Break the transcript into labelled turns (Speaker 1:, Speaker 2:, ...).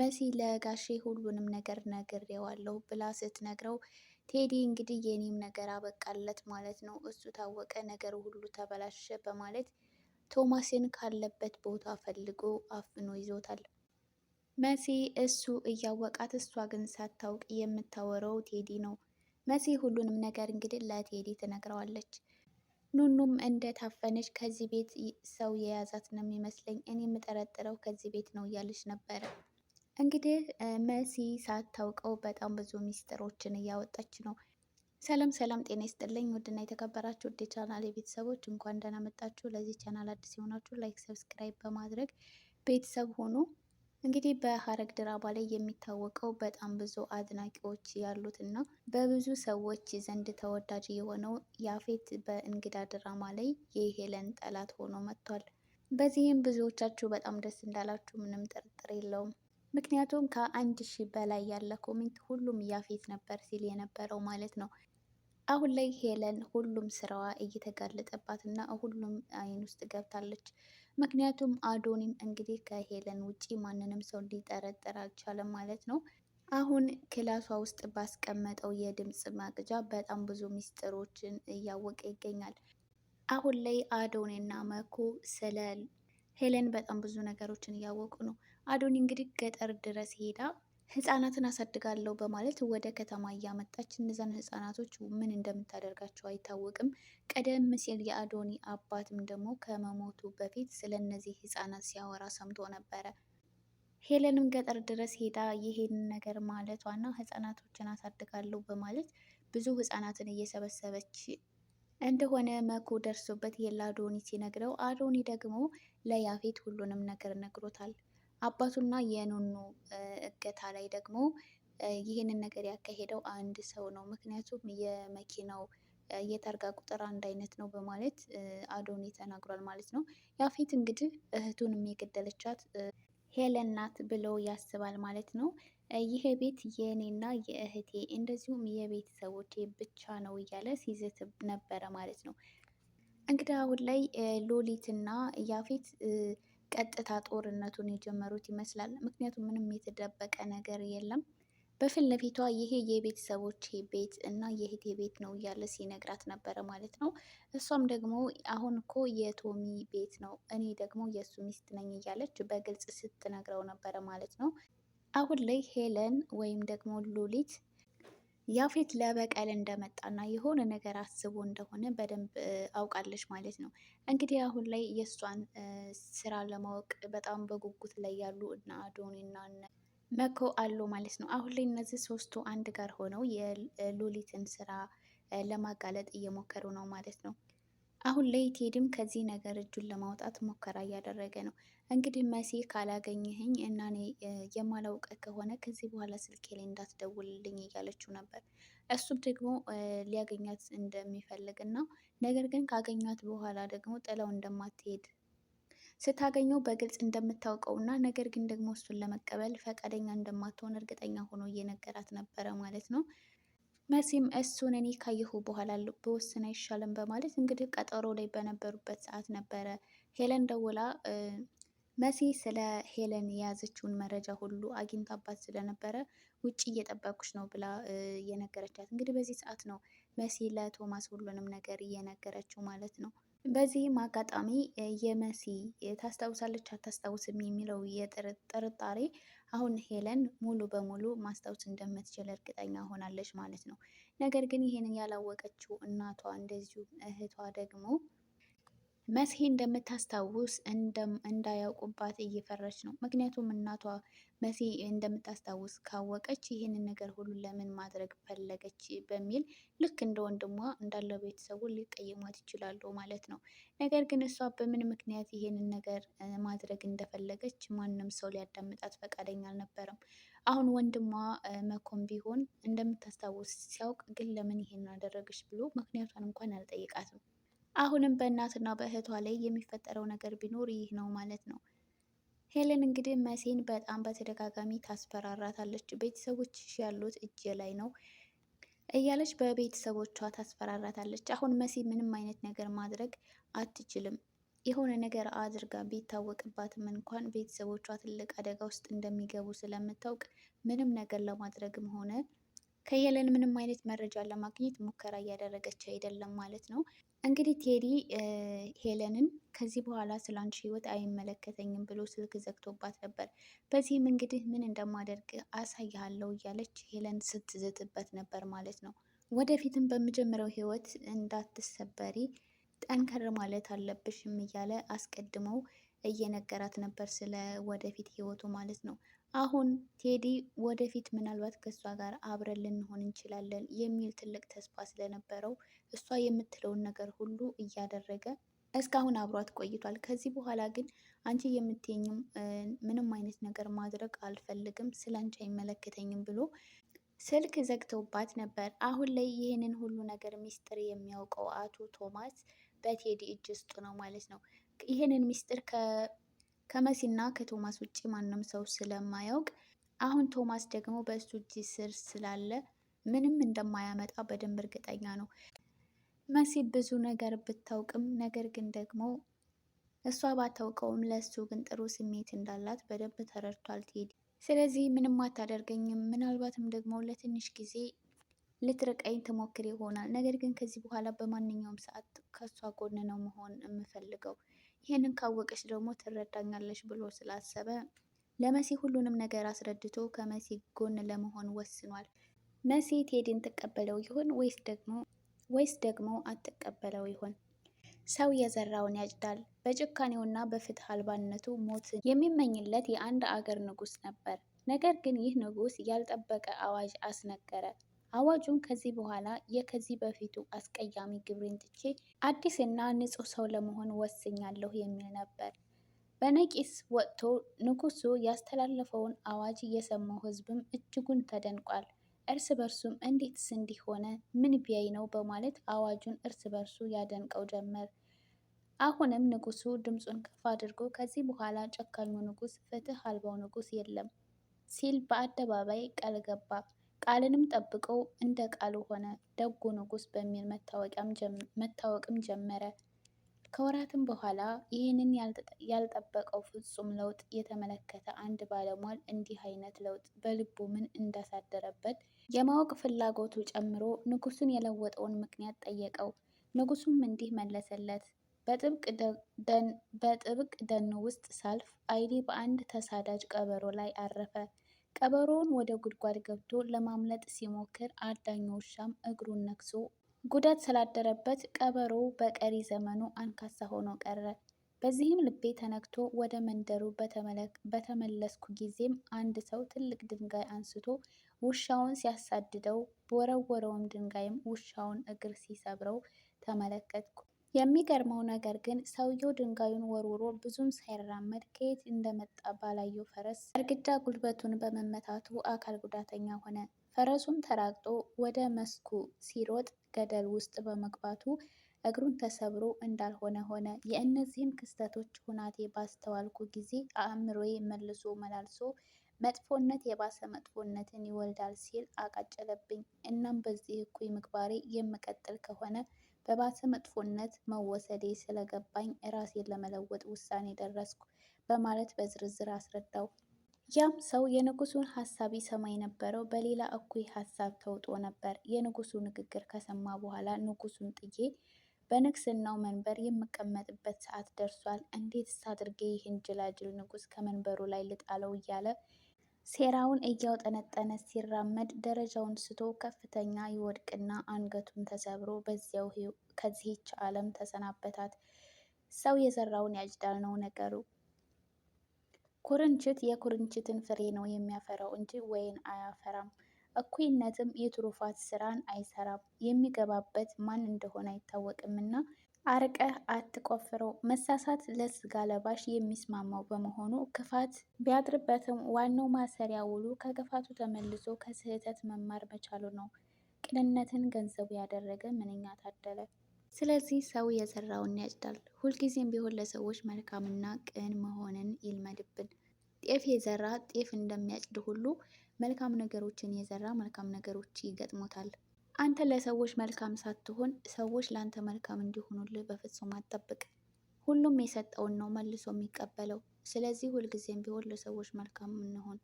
Speaker 1: መሲ ለጋሼ ሁሉንም ነገር ነግሬዋለሁ ብላ ስትነግረው ቴዲ እንግዲህ የኔም ነገር አበቃለት ማለት ነው፣ እሱ ታወቀ፣ ነገር ሁሉ ተበላሸ በማለት ቶማስን ካለበት ቦታ ፈልጎ አፍኖ ይዞታል። መሲ እሱ እያወቃት እሷ ግን ሳታውቅ የምታወረው ቴዲ ነው። መሲ ሁሉንም ነገር እንግዲህ ለቴዲ ትነግረዋለች። ኑኑም እንደታፈነች ከዚህ ቤት ሰው የያዛት ነው የሚመስለኝ፣ እኔ የምጠረጥረው ከዚህ ቤት ነው እያለች ነበረ። እንግዲህ መሲ ሳታውቀው በጣም ብዙ ሚስጥሮችን እያወጣች ነው። ሰላም ሰላም፣ ጤና ይስጥልኝ ውድና የተከበራችሁ ውድ ቻናል የቤተሰቦች እንኳን ደህና መጣችሁ። ለዚህ ቻናል አዲስ የሆናችሁ ላይክ፣ ሰብስክራይብ በማድረግ ቤተሰብ ሆኖ እንግዲህ በሀረግ ድራማ ላይ የሚታወቀው በጣም ብዙ አድናቂዎች ያሉት እና በብዙ ሰዎች ዘንድ ተወዳጅ የሆነው ያፌት በእንግዳ ድራማ ላይ የሄለን ጠላት ሆኖ መጥቷል። በዚህም ብዙዎቻችሁ በጣም ደስ እንዳላችሁ ምንም ጥርጥር የለውም። ምክንያቱም ከአንድ ሺህ በላይ ያለ ኮሜንት ሁሉም ያፌት ነበር ሲል የነበረው ማለት ነው። አሁን ላይ ሄለን ሁሉም ስራዋ እየተጋለጠባት እና ሁሉም አይን ውስጥ ገብታለች። ምክንያቱም አዶኒም እንግዲህ ከሄለን ውጪ ማንንም ሰው ሊጠረጠር አልቻለም ማለት ነው። አሁን ክላሷ ውስጥ ባስቀመጠው የድምፅ ማቅጃ በጣም ብዙ ሚስጥሮችን እያወቀ ይገኛል። አሁን ላይ አዶኔና እና መኩ ስለ ሄለን በጣም ብዙ ነገሮችን እያወቁ ነው። አዶኒ እንግዲህ ገጠር ድረስ ሄዳ ህጻናትን አሳድጋለሁ በማለት ወደ ከተማ እያመጣች እነዛን ህጻናቶች ምን እንደምታደርጋቸው አይታወቅም። ቀደም ሲል የአዶኒ አባትም ደግሞ ከመሞቱ በፊት ስለ እነዚህ ህጻናት ሲያወራ ሰምቶ ነበረ። ሄለንም ገጠር ድረስ ሄዳ ይሄን ነገር ማለቷና ህጻናቶችን አሳድጋለሁ በማለት ብዙ ህጻናትን እየሰበሰበች እንደሆነ መኩ ደርሶበት የላ አዶኒ ሲነግረው፣ አዶኒ ደግሞ ለያፌት ሁሉንም ነገር ነግሮታል። አባቱና የኑኑ እገታ ላይ ደግሞ ይህንን ነገር ያካሄደው አንድ ሰው ነው። ምክንያቱም የመኪናው የታርጋ ቁጥር አንድ አይነት ነው በማለት አዶኒ ተናግሯል ማለት ነው። ያፌት እንግዲህ እህቱንም የገደለቻት ሄለን ናት ብሎ ያስባል ማለት ነው። ይሄ ቤት የእኔና የእህቴ እንደዚሁም የቤተሰቦቼ ብቻ ነው እያለ ሲዝት ነበረ ማለት ነው። እንግዲህ አሁን ላይ ሎሊትና ያፌት ቀጥታ ጦርነቱን የጀመሩት ይመስላል። ምክንያቱም ምንም የተደበቀ ነገር የለም። በፊት ለፊቷ ይሄ የቤተሰቦቼ ቤት እና የእህቴ ቤት ነው እያለ ሲነግራት ነበረ ማለት ነው። እሷም ደግሞ አሁን እኮ የቶሚ ቤት ነው፣ እኔ ደግሞ የእሱ ሚስት ነኝ እያለች በግልጽ ስትነግረው ነበረ ማለት ነው። አሁን ላይ ሄለን ወይም ደግሞ ሉሊት ያፌት ለበቀል እንደመጣና የሆነ ነገር አስቦ እንደሆነ በደንብ አውቃለች ማለት ነው። እንግዲህ አሁን ላይ የእሷን ስራ ለማወቅ በጣም በጉጉት ላይ ያሉ እና መኮ አሉ ማለት ነው። አሁን ላይ እነዚህ ሶስቱ አንድ ጋር ሆነው የሉሊትን ስራ ለማጋለጥ እየሞከሩ ነው ማለት ነው። አሁን ላይ ቴድም ከዚህ ነገር እጁን ለማውጣት ሙከራ እያደረገ ነው። እንግዲህ መሲህ ካላገኘህኝ እና እኔ የማላውቅ ከሆነ ከዚህ በኋላ ስልኬ ላይ እንዳትደውልልኝ እያለችው ነበር። እሱም ደግሞ ሊያገኛት እንደሚፈልግ እና ነገር ግን ካገኛት በኋላ ደግሞ ጥላው እንደማትሄድ ስታገኘው በግልጽ እንደምታውቀው እና ነገር ግን ደግሞ እሱን ለመቀበል ፈቃደኛ እንደማትሆን እርግጠኛ ሆኖ እየነገራት ነበረ ማለት ነው። መሲም እሱን እኔ ካየሁ በኋላ በወስን አይሻልም በማለት እንግዲህ ቀጠሮ ላይ በነበሩበት ሰዓት ነበረ ሄለን ደውላ መሲ ስለ ሄለን የያዘችውን መረጃ ሁሉ አግኝታባት ስለነበረ ውጭ እየጠበኩች ነው ብላ እየነገረቻት እንግዲህ በዚህ ሰዓት ነው መሲ ለቶማስ ሁሉንም ነገር እየነገረችው ማለት ነው። በዚህም አጋጣሚ የመሲ ታስታውሳለች አታስታውስም የሚለው የጥርጣሬ አሁን ሄለን ሙሉ በሙሉ ማስታወስ እንደምትችል እርግጠኛ ሆናለች ማለት ነው። ነገር ግን ይህንን ያላወቀችው እናቷ እንደዚሁ እህቷ ደግሞ መስሄ እንደምታስታውስ እንዳያውቁባት እየፈራች ነው። ምክንያቱም እናቷ መስሄ እንደምታስታውስ ካወቀች ይህንን ነገር ሁሉ ለምን ማድረግ ፈለገች በሚል ልክ እንደ ወንድሟ እንዳለ ቤተሰቡ ሊቀይሟት ይችላሉ ማለት ነው። ነገር ግን እሷ በምን ምክንያት ይህንን ነገር ማድረግ እንደፈለገች ማንም ሰው ሊያዳምጣት ፈቃደኛ አልነበረም። አሁን ወንድሟ መኮን ቢሆን እንደምታስታውስ ሲያውቅ ግን ለምን ይሄን አደረገች ብሎ ምክንያቷን እንኳን አልጠይቃትም። አሁንም በእናትና በእህቷ ላይ የሚፈጠረው ነገር ቢኖር ይህ ነው ማለት ነው። ሄለን እንግዲህ መሴን በጣም በተደጋጋሚ ታስፈራራታለች። ቤተሰቦች ያሉት እጄ ላይ ነው እያለች በቤተሰቦቿ ታስፈራራታለች። አሁን መሴ ምንም አይነት ነገር ማድረግ አትችልም። የሆነ ነገር አድርጋ ቢታወቅባትም እንኳን ቤተሰቦቿ ትልቅ አደጋ ውስጥ እንደሚገቡ ስለምታውቅ ምንም ነገር ለማድረግም ሆነ ከሄለን ምንም አይነት መረጃ ለማግኘት ሙከራ እያደረገች አይደለም ማለት ነው። እንግዲህ ቴዲ ሄለንን ከዚህ በኋላ ስለ አንቺ ህይወት አይመለከተኝም ብሎ ስልክ ዘግቶባት ነበር። በዚህም እንግዲህ ምን እንደማደርግ አሳያለው እያለች ሄለን ስትዝትበት ነበር ማለት ነው። ወደፊትም በምጀምረው ህይወት እንዳትሰበሪ ጠንከር ማለት አለብሽም እያለ አስቀድመው እየነገራት ነበር ስለ ወደፊት ህይወቱ ማለት ነው። አሁን ቴዲ ወደፊት ምናልባት ከእሷ ጋር አብረን ልንሆን እንችላለን የሚል ትልቅ ተስፋ ስለነበረው እሷ የምትለውን ነገር ሁሉ እያደረገ እስካሁን አብሯት ቆይቷል። ከዚህ በኋላ ግን አንቺ የምትኝም ምንም አይነት ነገር ማድረግ አልፈልግም፣ ስለ አንቺ አይመለከተኝም ብሎ ስልክ ዘግተውባት ነበር። አሁን ላይ ይህንን ሁሉ ነገር ሚስጥር የሚያውቀው አቶ ቶማስ በቴዲ እጅ ውስጥ ነው ማለት ነው። ይህንን ሚስጥር ከመሲና ከቶማስ ውጭ ማንም ሰው ስለማያውቅ አሁን ቶማስ ደግሞ በእሱ እጅ ስር ስላለ ምንም እንደማያመጣ በደንብ እርግጠኛ ነው። መሲ ብዙ ነገር ብታውቅም ነገር ግን ደግሞ እሷ ባታውቀውም ለእሱ ግን ጥሩ ስሜት እንዳላት በደንብ ተረድቷል ቴዲ። ስለዚህ ምንም አታደርገኝም፣ ምናልባትም ደግሞ ለትንሽ ጊዜ ልትርቀኝ ትሞክር ይሆናል። ነገር ግን ከዚህ በኋላ በማንኛውም ሰዓት ከእሷ ጎን ነው መሆን የምፈልገው ይህንን ካወቀች ደግሞ ትረዳኛለች ብሎ ስላሰበ ለመሲ ሁሉንም ነገር አስረድቶ ከመሲ ጎን ለመሆን ወስኗል። መሲ ቴዲን ትቀበለው ይሆን ወይስ ደግሞ ወይስ ደግሞ አትቀበለው ይሆን? ሰው የዘራውን ያጭዳል። በጭካኔውና በፍትህ አልባነቱ ሞት የሚመኝለት የአንድ አገር ንጉስ ነበር። ነገር ግን ይህ ንጉስ ያልጠበቀ አዋጅ አስነገረ። አዋጁን ከዚህ በኋላ የከዚህ በፊቱ አስቀያሚ ግብሬን ትቼ እና ንጹህ ሰው ለመሆን ወስኛለሁ የሚል ነበር። በነቂስ ወጥቶ ንጉሱ ያስተላለፈውን አዋጅ የሰማው ህዝብም እጅጉን ተደንቋል። እርስ በርሱም እንዴትስ ሆነ ምን ቢያይ ነው በማለት አዋጁን እርስ በርሱ ያደንቀው ጀመር። አሁንም ንጉሱ ድምፁን ከፍ አድርጎ ከዚህ በኋላ ጨካኙ ንጉስ፣ ፍትህ አልባው ንጉስ የለም ሲል በአደባባይ ቃል ገባ። ቃልንም ጠብቀው እንደ ቃሉ ሆነ። ደጉ ንጉስ በሚል መታወቅም ጀመረ። ከወራትም በኋላ ይህንን ያልጠበቀው ፍጹም ለውጥ የተመለከተ አንድ ባለሟል እንዲህ አይነት ለውጥ በልቡ ምን እንዳሳደረበት የማወቅ ፍላጎቱ ጨምሮ ንጉሱን የለወጠውን ምክንያት ጠየቀው። ንጉሱም እንዲህ መለሰለት። በጥብቅ ደን ውስጥ ሳልፍ አይኔ በአንድ ተሳዳጅ ቀበሮ ላይ አረፈ። ቀበሮውን ወደ ጉድጓድ ገብቶ ለማምለጥ ሲሞክር አዳኝ ውሻም እግሩን ነክሶ ጉዳት ስላደረበት ቀበሮው በቀሪ ዘመኑ አንካሳ ሆኖ ቀረ። በዚህም ልቤ ተነክቶ ወደ መንደሩ በተመለስኩ ጊዜም አንድ ሰው ትልቅ ድንጋይ አንስቶ ውሻውን ሲያሳድደው በወረወረውም ድንጋይም ውሻውን እግር ሲሰብረው ተመለከትኩ። የሚገርመው ነገር ግን ሰውየው ድንጋዩን ወርውሮ ብዙም ሳይራመድ ከየት እንደመጣ ባላየው ፈረስ እርግዳ ጉልበቱን በመመታቱ አካል ጉዳተኛ ሆነ። ፈረሱም ተራግጦ ወደ መስኩ ሲሮጥ ገደል ውስጥ በመግባቱ እግሩን ተሰብሮ እንዳልሆነ ሆነ። የእነዚህን ክስተቶች ሁናቴ ባስተዋልኩ ጊዜ አእምሮዬ መልሶ መላልሶ መጥፎነት የባሰ መጥፎነትን ይወልዳል ሲል አቃጨለብኝ። እናም በዚህ እኩይ ምግባሬ የምቀጥል ከሆነ በባሰ መጥፎነት መወሰዴ ስለገባኝ ራሴን ለመለወጥ ውሳኔ ደረስኩ በማለት በዝርዝር አስረዳው። ያም ሰው የንጉሱን ሀሳብ ይሰማ የነበረው በሌላ እኩይ ሀሳብ ተውጦ ነበር። የንጉሱ ንግግር ከሰማ በኋላ ንጉሱን ጥዬ በንግስናው መንበር የምቀመጥበት ሰዓት ደርሷል። እንዴትስ ሳድርጌ ይህን ጅላጅል ንጉስ ከመንበሩ ላይ ልጣለው እያለ ሴራውን እያውጠነጠነ ሲራመድ ደረጃውን ስቶ ከፍተኛ ይወድቅና አንገቱን ተሰብሮ በዚያው ከዚህች ዓለም ተሰናበታት። ሰው የዘራውን ያጭዳል ነው ነገሩ። ኩርንችት የኩርንችትን ፍሬ ነው የሚያፈራው እንጂ ወይን አያፈራም። እኩይነትም የትሩፋት ስራን አይሰራም። የሚገባበት ማን እንደሆነ አይታወቅምና አርቀህ አትቆፍረው። መሳሳት ለስጋ ለባሽ የሚስማማው በመሆኑ ክፋት ቢያድርበትም ዋናው ማሰሪያ ውሉ ከክፋቱ ተመልሶ ከስህተት መማር መቻሉ ነው። ቅንነትን ገንዘቡ ያደረገ ምንኛ ታደለ! ስለዚህ ሰው የዘራውን ያጭዳል። ሁልጊዜም ቢሆን ለሰዎች መልካምና ቅን መሆንን ይልመድብን። ጤፍ የዘራ ጤፍ እንደሚያጭድ ሁሉ መልካም ነገሮችን የዘራ መልካም ነገሮች ይገጥሞታል። አንተ ለሰዎች መልካም ሳትሆን ሰዎች ለአንተ መልካም እንዲሆኑልህ በፍጹም አትጠብቅ። ሁሉም የሰጠውን ነው መልሶ የሚቀበለው። ስለዚህ ሁልጊዜም ቢሆን ለሰዎች መልካም እንሆን።